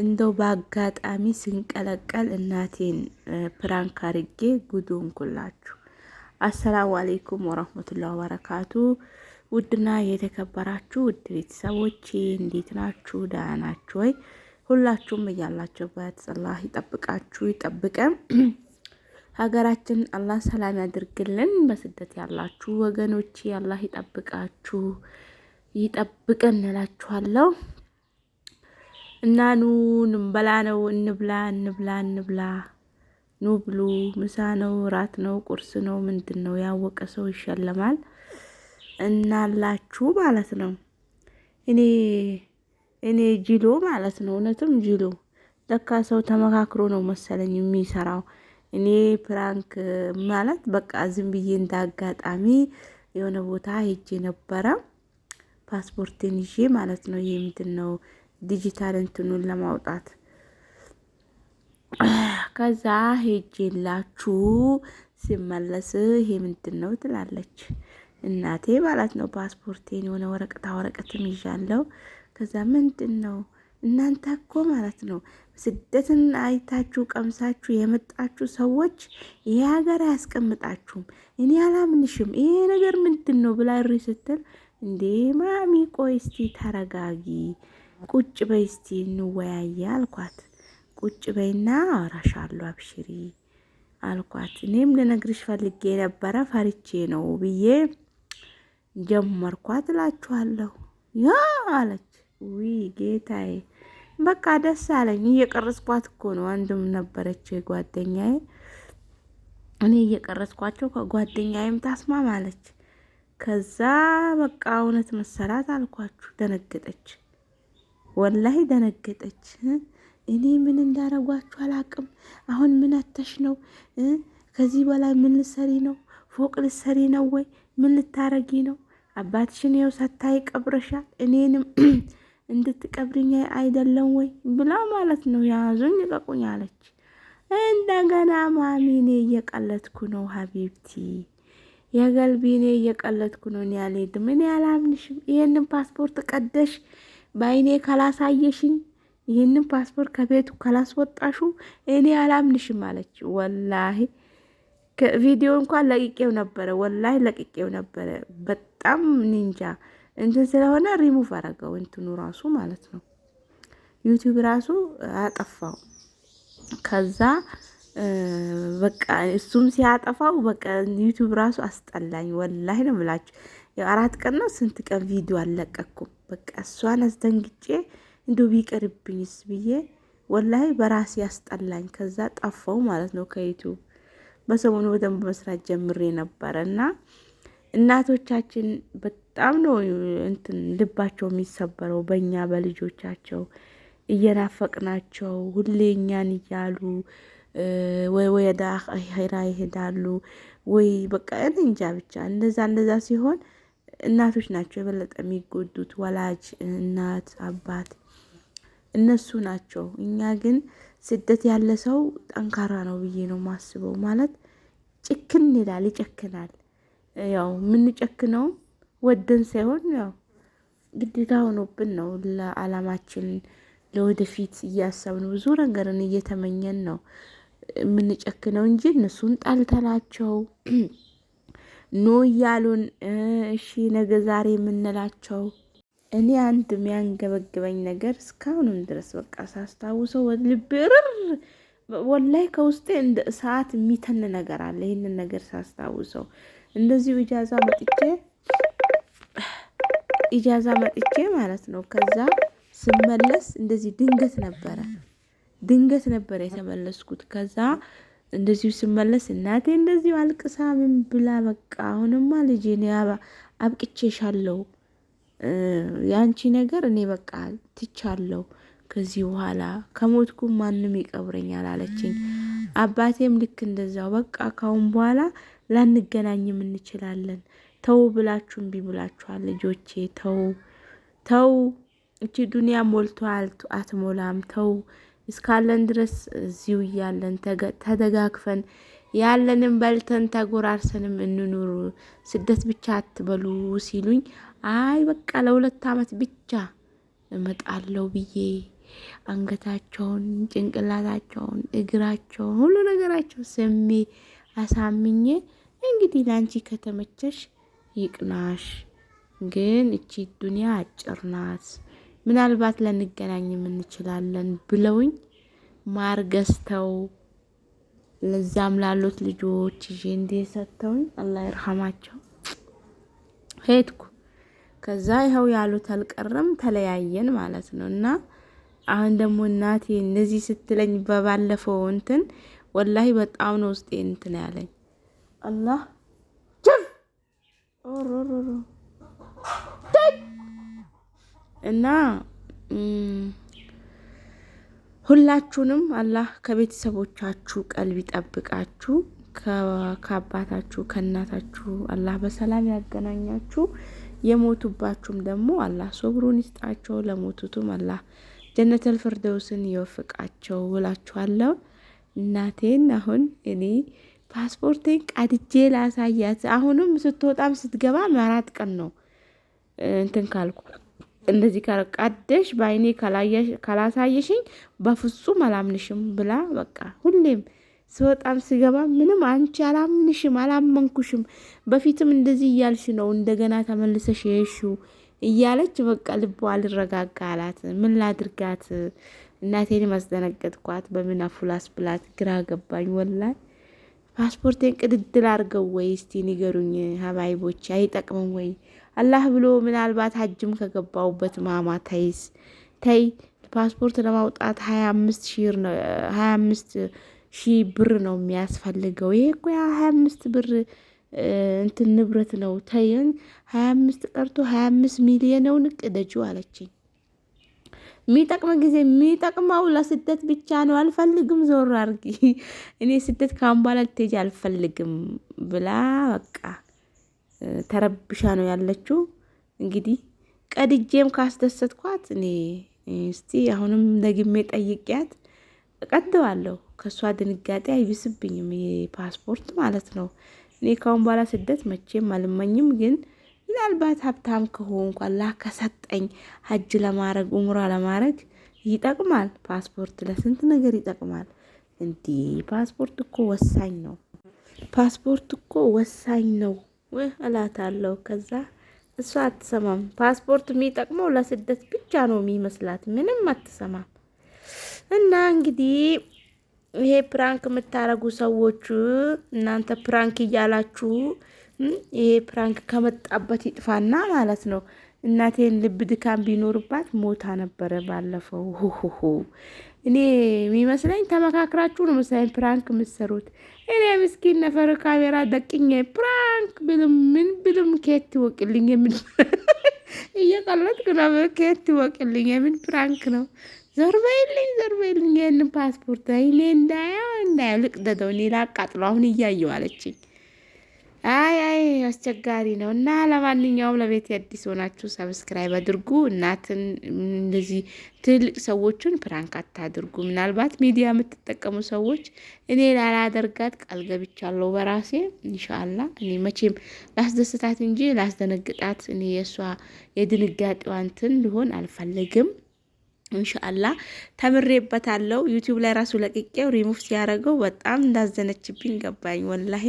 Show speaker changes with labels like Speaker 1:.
Speaker 1: እንደው በአጋጣሚ ስንቀለቀል እናቴን ፕራንክ አርጌ ጉዱን ኩላችሁ። አሰላሙ አሌይኩም ወረህመቱላ ወበረካቱ። ውድና የተከበራችሁ ውድ ቤተሰቦች እንዴት ናችሁ? ደህና ናችሁ ወይ? ሁላችሁም እያላችሁበት አላህ ይጠብቃችሁ ይጠብቀን። ሀገራችን አላህ ሰላም ያድርግልን። በስደት ያላችሁ ወገኖቼ አላህ ይጠብቃችሁ ይጠብቀን እላችኋለሁ። እና ኑ እንበላ ነው እንብላ እንብላ እንብላ ኑ ብሉ። ምሳ ነው ራት ነው ቁርስ ነው ምንድን ነው ያወቀ ሰው ይሸለማል እናላችሁ ማለት ነው። እኔ እኔ ጅሎ ማለት ነው እውነትም ጅሎ ለካ ሰው ተመካክሮ ነው መሰለኝ የሚሰራው። እኔ ፕራንክ ማለት በቃ ዝም ብዬ እንደ አጋጣሚ የሆነ ቦታ ሄጄ ነበረ ፓስፖርቴን ይዤ ማለት ነው ይሄ ምንድን ነው ዲጂታል እንትኑን ለማውጣት ከዛ ሄጄላችሁ ሲመለስ ይሄ ምንድን ነው ትላለች እናቴ ማለት ነው። ፓስፖርቴን የሆነ ወረቀታ ወረቀትም ይዣለው። ከዛ ምንድን ነው እናንተ እኮ ማለት ነው ስደትን አይታችሁ ቀምሳችሁ የመጣችሁ ሰዎች ይሄ ሀገር አያስቀምጣችሁም፣ እኔ አላምንሽም፣ ይሄ ነገር ምንድን ነው ብላ እሪ ስትል እንዴ ማሚ ቆይ እስቲ ተረጋጊ ቁጭ በይ እስቲ እንወያየ አልኳት። ቁጭ በይና አወራሻለሁ አብሽሪ አልኳት። እኔም ልነግርሽ ፈልጌ ነበረ ፈርቼ ነው ብዬ ጀመርኳት እላችኋለሁ። ያ አለች። ዊ ጌታዬ፣ በቃ ደስ አለኝ። እየቀረጽኳት እኮ ነው። አንድም ነበረች ጓደኛዬ፣ እኔ እየቀረጽኳቸው ከጓደኛዬም ታስማማለች። ከዛ በቃ እውነት መሰላት አልኳችሁ። ደነገጠች። ወላሂ ደነገጠች። እኔ ምን እንዳረጓችሁ አላቅም። አሁን ምን አተሽ ነው? ከዚህ በላይ ምን ልሰሪ ነው? ፎቅ ልሰሪ ነው ወይ ምን ልታረጊ ነው? አባትሽን የው ሰታይ ቀብረሻ እኔንም እንድትቀብሪኝ አይደለም ወይ ብላ ማለት ነው። ያዙኝ ይቀቁኝ አለች። እንደገና ማሚኔ እየቀለትኩ ነው ሀቢብቲ የገልቢ እየቀለትኩ ነው። እኔ አልሄድም፣ እኔ አላምንሽም። ፓስፖርት ቀደሽ በአይኔ ካላሳየሽኝ ይህንን ፓስፖርት ከቤቱ ካላስወጣሹ እኔ አላምንሽም አለች። ወላሂ ከቪዲዮ እንኳን ለቅቄው ነበረ፣ ወላሂ ለቅቄው ነበረ። በጣም ኒንጃ እንትን ስለሆነ ሪሙቭ አረገው እንትኑ ራሱ ማለት ነው። ዩቲዩብ ራሱ አጠፋው። ከዛ በቃ እሱም ሲያጠፋው በቃ ዩቲዩብ ራሱ አስጠላኝ። ወላሂ ነው የምላችሁ። አራት ቀን ነው ስንት ቀን ቪዲዮ አለቀኩም በቃ እሷን አስደንግጬ እንዲ ቢቀርብኝስ ብዬ ወላሂ በራሴ ያስጠላኝ። ከዛ ጠፋው ማለት ነው ከዩቱብ በሰሞኑ በደንብ መስራት ጀምሬ ነበረ እና እናቶቻችን በጣም ነው እንትን ልባቸው የሚሰበረው በእኛ በልጆቻቸው እየናፈቅናቸው ሁሌ እኛን እያሉ ወይ ወደ አኼራ ይሄዳሉ ወይ በቃ እንጃ ብቻ እንደዛ እንደዛ ሲሆን እናቶች ናቸው የበለጠ የሚጎዱት። ወላጅ እናት፣ አባት እነሱ ናቸው። እኛ ግን ስደት ያለ ሰው ጠንካራ ነው ብዬ ነው ማስበው። ማለት ጭክን ይላል፣ ይጨክናል። ያው የምንጨክነው ወደን ሳይሆን ያው ግዴታ ሆኖብን ነው። ለዓላማችን ለወደፊት እያሰብን ብዙ ነገርን እየተመኘን ነው የምንጨክነው እንጂ እነሱን ጣልተናቸው ኑ እያሉን እሺ ነገ ዛሬ የምንላቸው እኔ አንድ የሚያንገበግበኝ ነገር እስካሁንም ድረስ በቃ ሳስታውሰው ልቤ ርር ወላይ ከውስጤ እንደ እሳት የሚተን ነገር አለ። ይህንን ነገር ሳስታውሰው እንደዚሁ ኢጃዛ መጥቼ ኢጃዛ መጥቼ ማለት ነው። ከዛ ስመለስ እንደዚህ ድንገት ነበረ ድንገት ነበረ የተመለስኩት ከዛ እንደዚሁ ስመለስ እናቴ እንደዚሁ አልቅሳ ምን ብላ በቃ አሁንማ ልጄን አብቅቼሻለሁ፣ የአንቺ ነገር እኔ በቃ ትቻለሁ፣ ከዚህ በኋላ ከሞትኩ ማንም ይቀብረኛል አለችኝ። አባቴም ልክ እንደዛው በቃ ካሁን በኋላ ላንገናኝም እንችላለን፣ ተው ብላችሁ እምቢ ብላችኋል ልጆቼ፣ ተው ተው፣ እቺ ዱኒያ ሞልቶ አትሞላም፣ ተው እስካለን ድረስ እዚሁ እያለን ተደጋግፈን ያለንም በልተን ተጎራርሰንም እንኑር፣ ስደት ብቻ አትበሉ ሲሉኝ አይ በቃ ለሁለት ዓመት ብቻ እመጣለሁ ብዬ አንገታቸውን፣ ጭንቅላታቸውን፣ እግራቸውን፣ ሁሉ ነገራቸው ስሜ አሳምኜ እንግዲህ ለአንቺ ከተመቸሽ ይቅናሽ፣ ግን እቺ ዱንያ አጭር ናት። ምናልባት ልንገናኝም እንችላለን ብለውኝ ማር ገዝተው ለዛም ላሉት ልጆች ይዤ እንዲህ ሰጥተውኝ አላህ ይርሐማቸው ሄድኩ። ከዛ ይኸው ያሉት አልቀረም ተለያየን ማለት ነው። እና አሁን ደግሞ እናቴ እንደዚህ ስትለኝ በባለፈው እንትን ወላሂ በጣም ነው ውስጤ እንትን ያለኝ አላህ ጅብ እና ሁላችሁንም አላህ ከቤተሰቦቻችሁ ቀልብ ይጠብቃችሁ። ከአባታችሁ ከእናታችሁ አላህ በሰላም ያገናኛችሁ። የሞቱባችሁም ደግሞ አላህ ሶብሩን ይስጣቸው። ለሞቱትም አላህ ጀነተል ፍርደውስን ይወፍቃቸው እላችኋለሁ። እናቴን አሁን እኔ ፓስፖርቴን ቀድጄ ላሳያት። አሁንም ስትወጣም ስትገባ አራት ቀን ነው እንትን ካልኩ እንደዚህ ከረቃደሽ በአይኔ ካላሳየሽኝ በፍጹም አላምንሽም ብላ በቃ ሁሌም ስወጣም ስገባ ምንም አንቺ አላምንሽም፣ አላመንኩሽም፣ በፊትም እንደዚህ እያልሽ ነው እንደገና ተመልሰሽ የሹ እያለች በቃ ልቦ አልረጋጋ አላት። ምን ላድርጋት እናቴን ማስደነገጥኳት በምን አፉላስ ብላት ግራ ገባኝ። ወላሂ ፓስፖርቴን ቅድድል አድርገው ወይ እስቲ ንገሩኝ ሀባይቦች አይጠቅምም ወይ? አላህ ብሎ ምናልባት ሀጅም ከገባውበት ማማ ተይስ ተይ ፓስፖርት ለማውጣት ሀያ አምስት ሺህ ብር ነው የሚያስፈልገው። ይሄ እኮ ያ ሀያ አምስት ብር እንትን ንብረት ነው። ተይን ሀያ አምስት ቀርቶ ሀያ አምስት ሚሊዮነውን ቅደጁ አለችኝ። የሚጠቅመ ጊዜ የሚጠቅመው ለስደት ብቻ ነው። አልፈልግም፣ ዞር አርጊ፣ እኔ ስደት ከአምባላ ልትሄጂ አልፈልግም ብላ በቃ ተረብሻ ነው ያለችው። እንግዲህ ቀድጄም ካስደሰትኳት እኔ እስቲ አሁንም ደግሜ ጠይቂያት እቀደዋለሁ። ከእሷ ድንጋጤ አይብስብኝም ፓስፖርት ማለት ነው። እኔ ካሁን በኋላ ስደት መቼም አልመኝም፣ ግን ምናልባት ሀብታም ከሆንኩ አላህ ከሰጠኝ ሀጅ ለማድረግ ኡምራ ለማድረግ ይጠቅማል። ፓስፖርት ለስንት ነገር ይጠቅማል። እንዲህ ፓስፖርት እኮ ወሳኝ ነው። ፓስፖርት እኮ ወሳኝ ነው። ውህ እላታለሁ። ከዛ እሷ አትሰማም። ፓስፖርት የሚጠቅመው ለስደት ብቻ ነው የሚመስላት፣ ምንም አትሰማም። እና እንግዲህ ይሄ ፕራንክ የምታረጉ ሰዎች እናንተ ፕራንክ እያላችሁ ይሄ ፕራንክ ከመጣበት ይጥፋና ማለት ነው። እናቴን ልብ ድካም ቢኖርባት ሞታ ነበረ ባለፈው ሁሁሁ እኔ የሚመስለኝ ተመካክራችሁ ነው መሰለኝ ፕራንክ የምትሰሩት። እኔ ምስኪን ነፈር ካሜራ ደቅኝ ፕራንክ ብልም ምን ብልም ኬት ወቅልኝ የምን እየቀለጥኩ ነው። ኬት ወቅልኝ የምን ፕራንክ ነው? ዞር በይልኝ፣ ዞር በይልኝ። ይህን ፓስፖርት እኔ እንዳየው እንዳየው ልቅደደው እኔ ላቃጥሎ አሁን እያየዋለችኝ አይ አይ አስቸጋሪ ነው እና ለማንኛውም ለቤት አዲስ ሆናችሁ ሰብስክራይብ አድርጉ። እናትን እንደዚህ ትልቅ ሰዎችን ፕራንክ አታድርጉ። ምናልባት ሚዲያ የምትጠቀሙ ሰዎች እኔ ላላደርጋት ቃል ገብቻለሁ በራሴ እንሻላ። እኔ መቼም ላስደስታት እንጂ ላስደነግጣት እኔ የእሷ የድንጋጤዋ እንትን ሊሆን አልፈልግም። እንሻአላ ተምሬበታለሁ። ዩቲዩብ ላይ ራሱ ለቅቄው ሪሙቭ ሲያደርገው በጣም እንዳዘነችብኝ ገባኝ ወላሄ